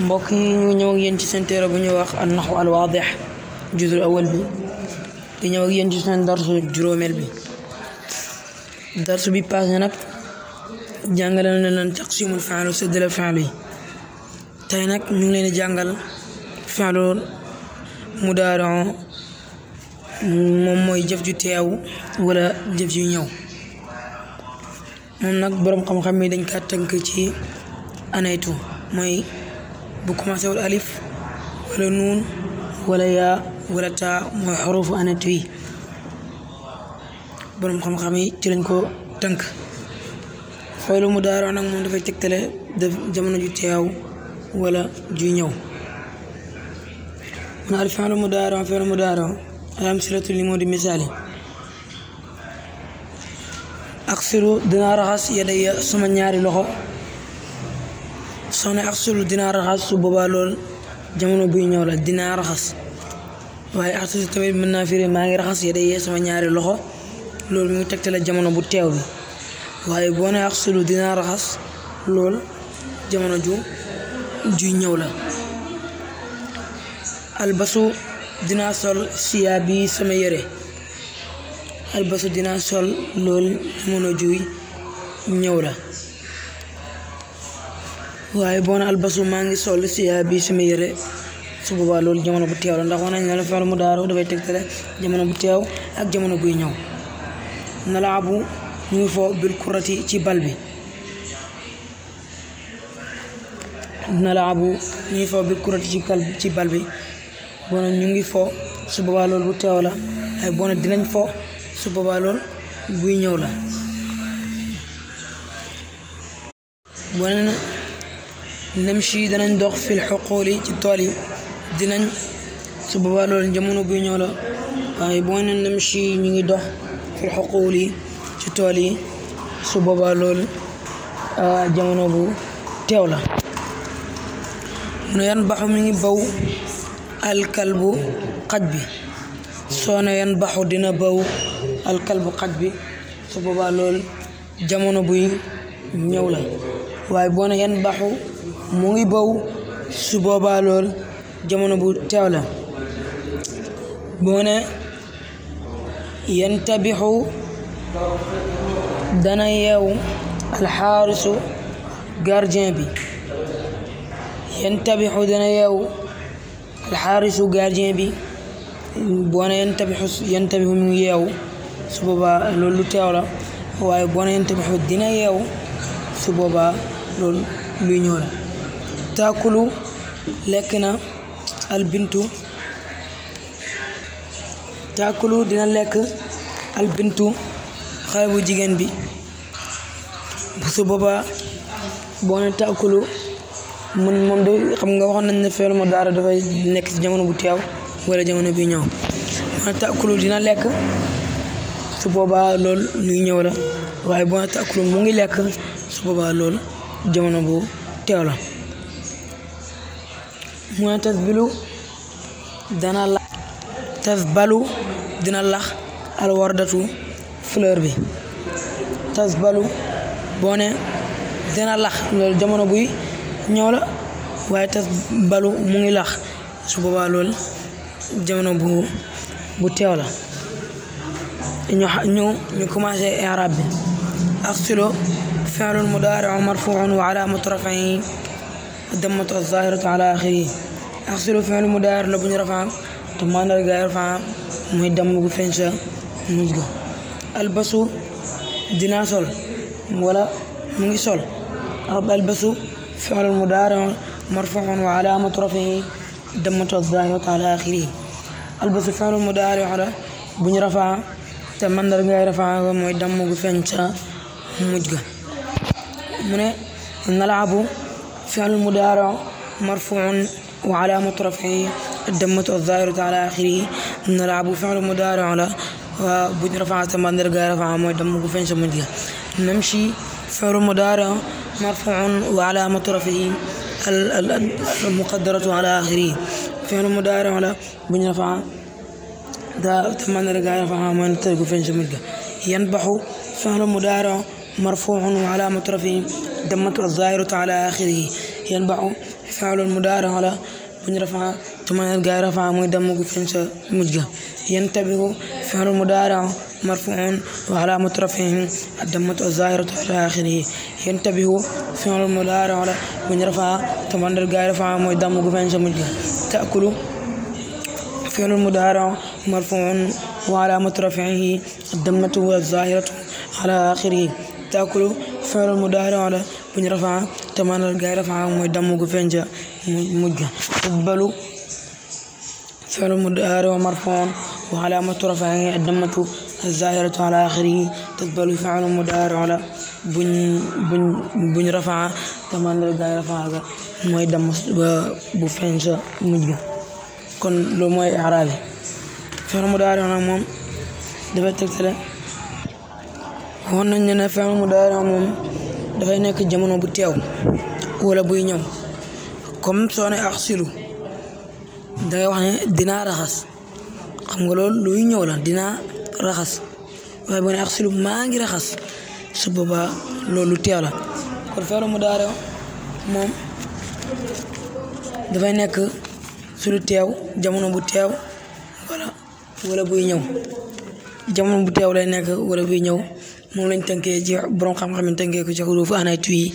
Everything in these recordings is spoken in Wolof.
mbokk yi ñu ñëw ak yéen ci seen tero bu ñu wax an-Nahwu al-Waadih juzul awal bi di ñëw ak yéen ci seen darsu juróomeel bi darsu bi passé nag jàngale na leen taqsimul fi'l séddale fi'l yi tey nag ñu leen di jàngal fi'l mudaari moom mooy jëf ju teew walla jëf ju ñëw moom nag boroom xam-xam yi dañ kaa tënk ci anaytu mooy bu commencé wul alif wala nuun wala yaa wala taa mooy xurufu anatu yi borom xam-xam yi ci lañ ko tënk faylu mu daaroo nag moom dafay tegtale def jamono ju teew wala ju ñëw mun al fi'lu mu daaroo mu daaroo al amsilatu li moo di misaali aksiru dinaa raxas yadaya suma ñaari loxo ak axsul dinaa raxas su boobaa lool jamono buy ñëw la dinaa raxas waaye axsul tamit mën naa firi maa ngi raxas yedda yee sama ñaari loxo loolu mu ngi tegtale jamono bu teew bi waaye boo ne axsul dinaa raxas lool jamono ju juy ñëw la albasu dinaa sol siyaa bi sama yére albasu dinaa sol lool jamono juy ñëw la waaye boo na albasu maa ngi sol siyaa ah, bi sama yére su boobaa loolu jamono bu teew la ndax wax nañ ne la fi'lu mudaari jamono bu teew ak jamono buy ñëw nalaabu ñu ngi foo bil kurati ci bal bi nalaabu ñu ngi foo bil kal ci bal bi boo ñu ngi foo su boobaa loolu bu teew la waaye boo na dinañ foo su boobaa loolu buy ñëw la namshi danañ dox fil xuquuli ci tool yi dinañ su boobaa jamono bi ñëw la waaye boo ne namshi ngi dox fil xuquuli ci tool yi su boobaa loolu jamono bu teew la mu ne yan baxu mi ngi baw alkalbu xaj bi soo ne yan baxu dina baw alkalbu xaj bi su boobaa loolu jamono buy ñëw la yan baxu mu ngi bow su boobaa lool jamono bu teew la mu ne yantabixu dana yeewu alxaarisu gardien bi yantabixu dana yeewu alxaarisu gardien bi boona yantabixu yantabixu mu ngi yeewu su boobaa loolu lu teew la waaye boona yantabixu dina yeewu su boobaa loolu lu ñëw taakulu lekk na albintu taakulu dina lekk albintu xale bu jigéen bi su boobaa boo ne taakulu mun moom de xam nga waxoon nañ ne feelu ma daara dafay nekk ci jamono bu teew wala jamono bi ñëw boo dina lekk su boobaa loolu luy ñëw la waaye boo ne mu ngi lekk su boobaa loolu jamono bu teew la mu ne tasbilu dana lax tasbalu dina lax alwardatu fleur bi tasbalu boo ne dina lax loolu jamono buy ñëw waaye tasbalu mu ngi lax su jamono bu bu teew la ñu ñu ñu commencé i'raab bi afsilu fi'lun mudaari'un marfuu'un wa 'alaamatu raf'ihi dammatu az-zaahiratu axsilu fi'lu mudaari la bu ñu rafaa te mandargaay rafaa muy damm gu feeñ sa albasu dinaa sol wala mu ngi sol albasu fi'lu mudaari marfuun wa alaamatu rafihi dammatu zaahiratu ala axirihi albasu fi'lu mudaari la bu ñu rafaa te mandargaay rafaa ga mooy damm gu feeñ sa muj ga mu ne nalaabu fi'lu mudaari وعلى مطرفه الدمة الظاهرة على آخره نلعب فعل مضارع la buñ rafaa sa mandarga rafaa mooy damm gu feeñ sa mujj ga namshi فعل مضارع مرفوع وعلى مطرفه المقدرة على آخره فعل مضارع la buñ rafaa sa mandarga rafaa mooy damm gu feeñ sa mujj ga ينبح فعل مضارع مرفوع وعلى مطرفه الدمة الظاهرة على آخره ينبح faalul mudaari'un la buñ rafaa tumaanal gaay rafaa muy dem gu feeñ sa mujj ga yantabihu faalul mudaari'un marfuu'un wa calaamatu rafcihi ad-dammatu az-zaahiratu calaa aaxirihi yantabihu faalul mudaari'un la buñ rafaa tumaanal gaay rafaa muy dem gu feeñ sa mujj ga ta'kulu فعل مضارع مرفوع وعلامة رفعه الضمة الظاهرة على آخره تأكل فعل مضارع على بن رفع te maanaam gaay dafa am mooy damm gu feeñ ca mujj balu fi'lu wa marfuun wa calaamatu rafcihi ad-dammatu az-zaahiratu calaa aaxirihi taqbalu fi'lu mudaari la buñ buñ buñ rafaa te maanaam gaay dafa am mooy damm bu feeñ ca mujj kon loolu mooy i'raab bi fi'lu mudaari nag moom dafa tegtale woon dafay nekk jamono bu teew wala buy ñëw comme soo ne axsilu dangay wax ne dinaa raxas xam nga loolu luy ñëw la dinaa raxas waaye boo ne axsilu maa ngi raxas su boobaa loolu teew la kon feeru mu daare moom dafay nekk su lu teew jamono bu teew wala wala buy ñëw jamono bu teew lay nekk wala buy ñëw moom lañ tënkee ci borom xam-xam yi tënkee ko ci xuruuf anatu yi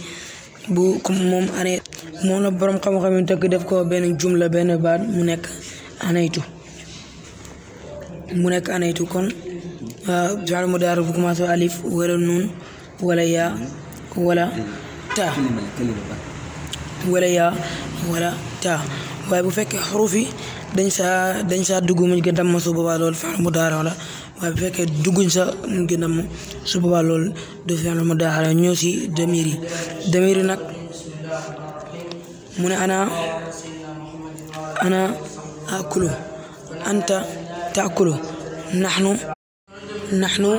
bu comme moom anay moom la borom xam-xam yi tënk def koo benn jumla benn baat mu nekk anaytu mu nekk anaytu kon jaal mu daaru bu commencé alif wala nuun wala yaa wala ta wala yaa wala ta waaye bu fekkee xuruuf yi dañ saa dañ saa dugg mu gën a damm su boobaa loolu mu daara la waaye bu fekkee sa gën a su boobaa loolu du fi'l mudaaxara ñëw si damir yi damir yi mu ne ana ana akulu anta taakulu naxnu naxnu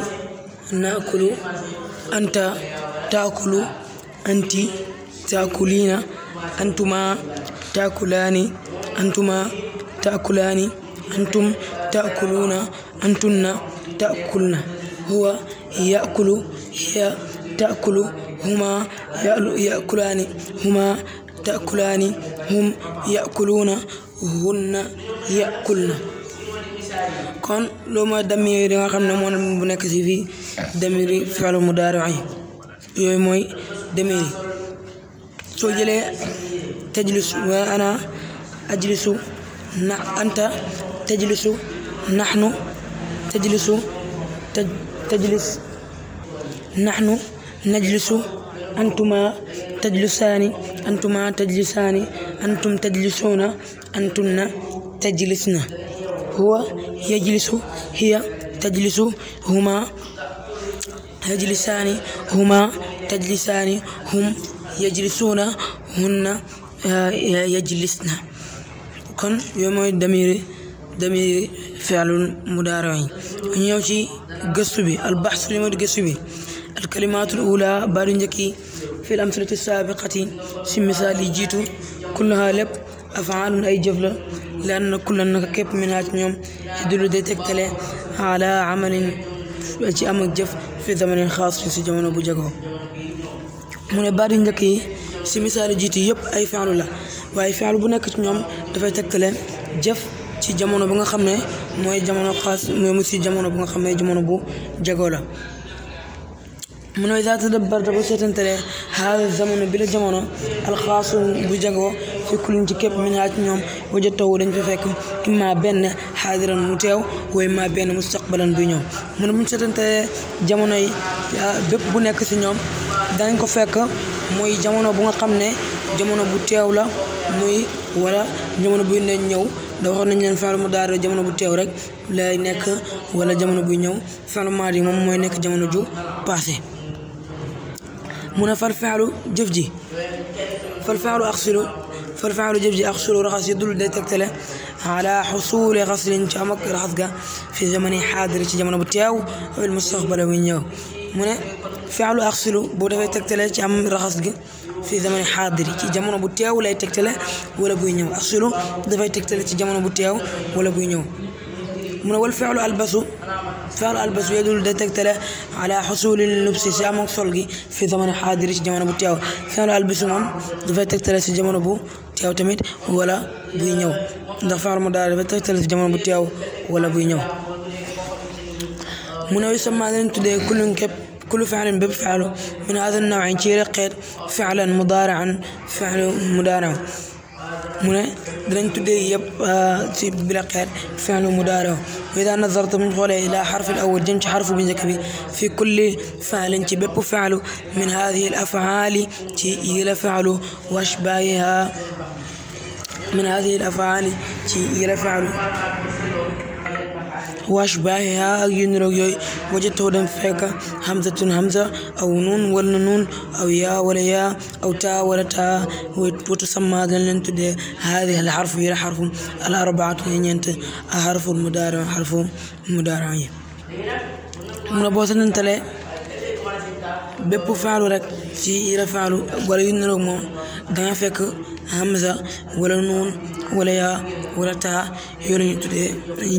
naakulu anta taakulu anti taakuliina antuma taakulaani antuma taakulaani أنتم تأكلون أنتن تأكلن هو يأكل هي تأكل هما يأكلان هما تأكلان هم يأكلون هن يأكلن kon loolu mooy damir yi nga xam ne moo bu nekk ci fii damir yi fi'lu mudaari yi yooyu mooy damir yi soo jëlee tajlisu wa ana ajlisu na anta tajlisu naxnu tajlisu tajlis naxnu najlisu antuma tajlisaani antuma tajlisaani antum tajlisuuna antunna tajlisna huwa yajlisu hiya tajlisu huma yajlisaani huma tajlisaani hum yajlisuuna hunna eh, yajlisna kon yooyu mooy damiri damiri fi'lun mudaari'un ñu ñëw ci gëstu bi li mooy gëstu bi alkalimaatul ula baadu fi l saabiqati si misaal yi jiitu kullahaa lépp afaalun ay jëf la li anna kullan naka képp min haa ci ñoom yadullu day tegtale ala amalin fi zamanin xaasin si bu jagoo mu ne baat yu njëkk si misaal jiitu yëpp ay fi'lu la waaye fi'lu bu nekk ci ñoom dafay tegtale jëf ci jamono bu nga xam ne mooy jamono xaas mu jamono bu nga xam jamono bu jagoo la mu ne zaata bu seetantale xaal jamono bi jamono alxaasu bu jagoo fi kulin ci ñoom waja taw dañ fa fekk imma benn xaadiran mu teew wa imma benn mustaqbalan bi ñoom mu ne bu jamono yi bépp bu nekk ci ñoom dañ ko fekk mooy jamono bu nga xam ne jamono bu teew la muy wala jamono bu ne ñëw da waxoon nañ leen faalu mu daaro jamono bu teew rek lay nekk wala jamono bu ñëw faalu maadi moom mooy nekk jamono ju passé mu ne fal faalu jëf ji fal faalu axsilu fal faalu jëf ji axsilu raxas yi dul day tegtale ala xusuuli xaslin ci am ak raxas ga fi zamani xaadir ci jamono bu teew awil mustaqbal wi ñëw mu ne faalu axsilu bu dafay tegtale ci am raxas gi fi zamani xaadiri ci jamono bu teew lay tegtale wala buy ñëw asulu dafay tegtale ci jamono bu teew wala buy ñëw mu ne wal fi'lu albasu fi'lu albasu yadul da tegtale ala xusuli lubsi si am ak sol gi fi zamani xaadiri ci jamono bu teew fi'lu albasu moom dafay tegtale ci jamono bu teew tamit wala buy ñëw ndax fi'lu mudaari dafay tegtale ci jamono bu teew wala buy ñëw mu ne yu sama كل فعل بفعله من هذا النوع ci xeet فعلا مضارعا فعل مضارع mu ne danañ tuddee yëpp ci bila xeet fi'l mudaari wa idaa nazarta buñ xoolee ilaa xarfi al-awwal jëm ci xarfu bu njëkk bi fi kulli fi'lin ci bépp fi'lu min haadihi al-af'aali ci yila fi'lu wa ashbaahihaa min haadihi al-af'aali ci yila fi'lu washbaahiha ak yu niroog yooyu wajadtoo dem fekk uh, hamzatun hamza aw nuun wala nuun aw yaa wala yaa aw taa wala taa wa tusammaa dañ leen tuddee haadihi al xarfu yi xarfu al arbaatu yi ñeent xarfu mudaari xarfu mudaari yi mu ne boo sanantalee faalu rek ci yira faalu wala yu niroog moom danga fekk hamza wala nuun wala yaa wala taa yooyu lañu tuddee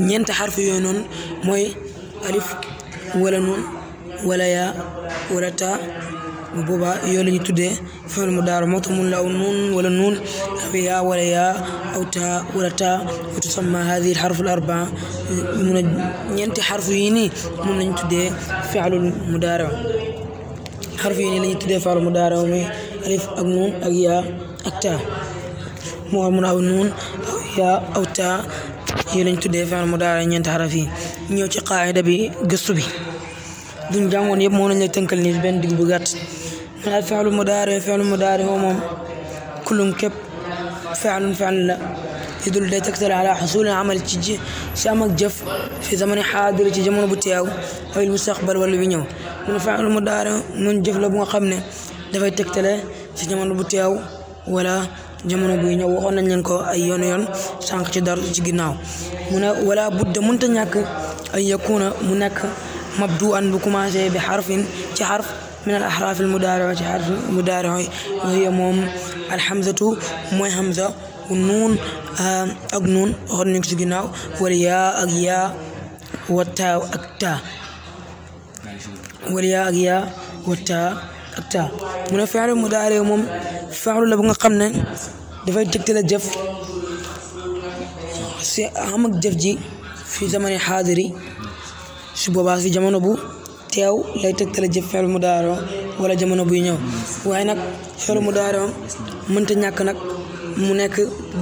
ñeenti xarf yoo noonu mooy alif wala nun wala yaa wala taa bu boobaa yooyu lañu tuddee fi'l mudaari moo tax mun la aw nun wala nun aw yaa wala yaa aw taa wala taa wa tusamma haadihi arbaa mun xarfu yi nii moom lañu tuddee fi'lul mudaari xarfu yi nii tuddee fi'lul mudaari mooy alif ak nun ak yaa ak taa mu amun aw nuun aw yaa aw taa yi lañ tuddee mu mudaari ñeenti xaraf yi ñëw ci qaayida bi gëstu bi buñ jàngoon yëpp moo nañ lay tënkal nii benn digg bu gàtt man al fi'il mudaari fi'il mudaari moom moom kullum képp fi'ilun la yidul day tegtal ci ji si am ak jëf fi ci jamono bu teew aw il mustaqbal wala bi ñëw mun fi'il mudaari mun jëf la bu nga xam ne dafay tegtale ci jamono bu teew wala jamono buy ñëw waxoon nañ leen ko ay yoon yoon sànq ci daru ci ginnaaw mu ne wala budda mënta ñàkk ay yakuna mu nekk mabduan bu commencé bi xarfin ci xarf min al axraaf al mudaariwa ci xarf mudaariwa yi moom alhamzatu mooy hamza nuun ah, ak nuun waxoon ci ginnaaw yaa ak yaa wa taa ak taa wala yaa ak yaa wa atta mu ne mu daare moom fi'lu la bu nga xam ne dafay tegtale jëf si am jëf ji fi zamani xaadiri su boobaa si jamono bu teew lay tegtale jëf mu mudaari wala jamono buy ñëw waaye nag fi'lu mudaari te ñàkk nag mu nekk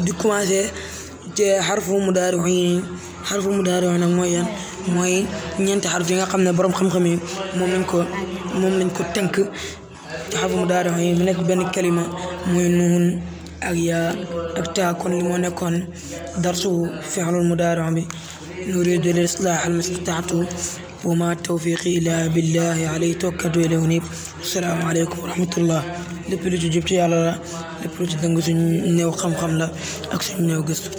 di commencé xarfu mudaari yi nii xarfu mudaari yi nag mooy yan mooy ñeenti xarf yi nga xam ne borom xam-xam yi moom lañ ko moom xarfu mudaari yi mu nekk benn kalima muy nuun ak yaa ak taa kon li moo nekkoon darsu fi'lul mudaari bi nuriidu lil islaahi ma stata'tu wa ma tawfiiqi illaa billaahi alayhi tawakkaltu wa ilayhi uniib assalaamu aleykum wa rahmatullah lépp lu ci jub ci yàlla la lépp lu ci dëng suñu néew xam-xam la ak suñu néew gëstu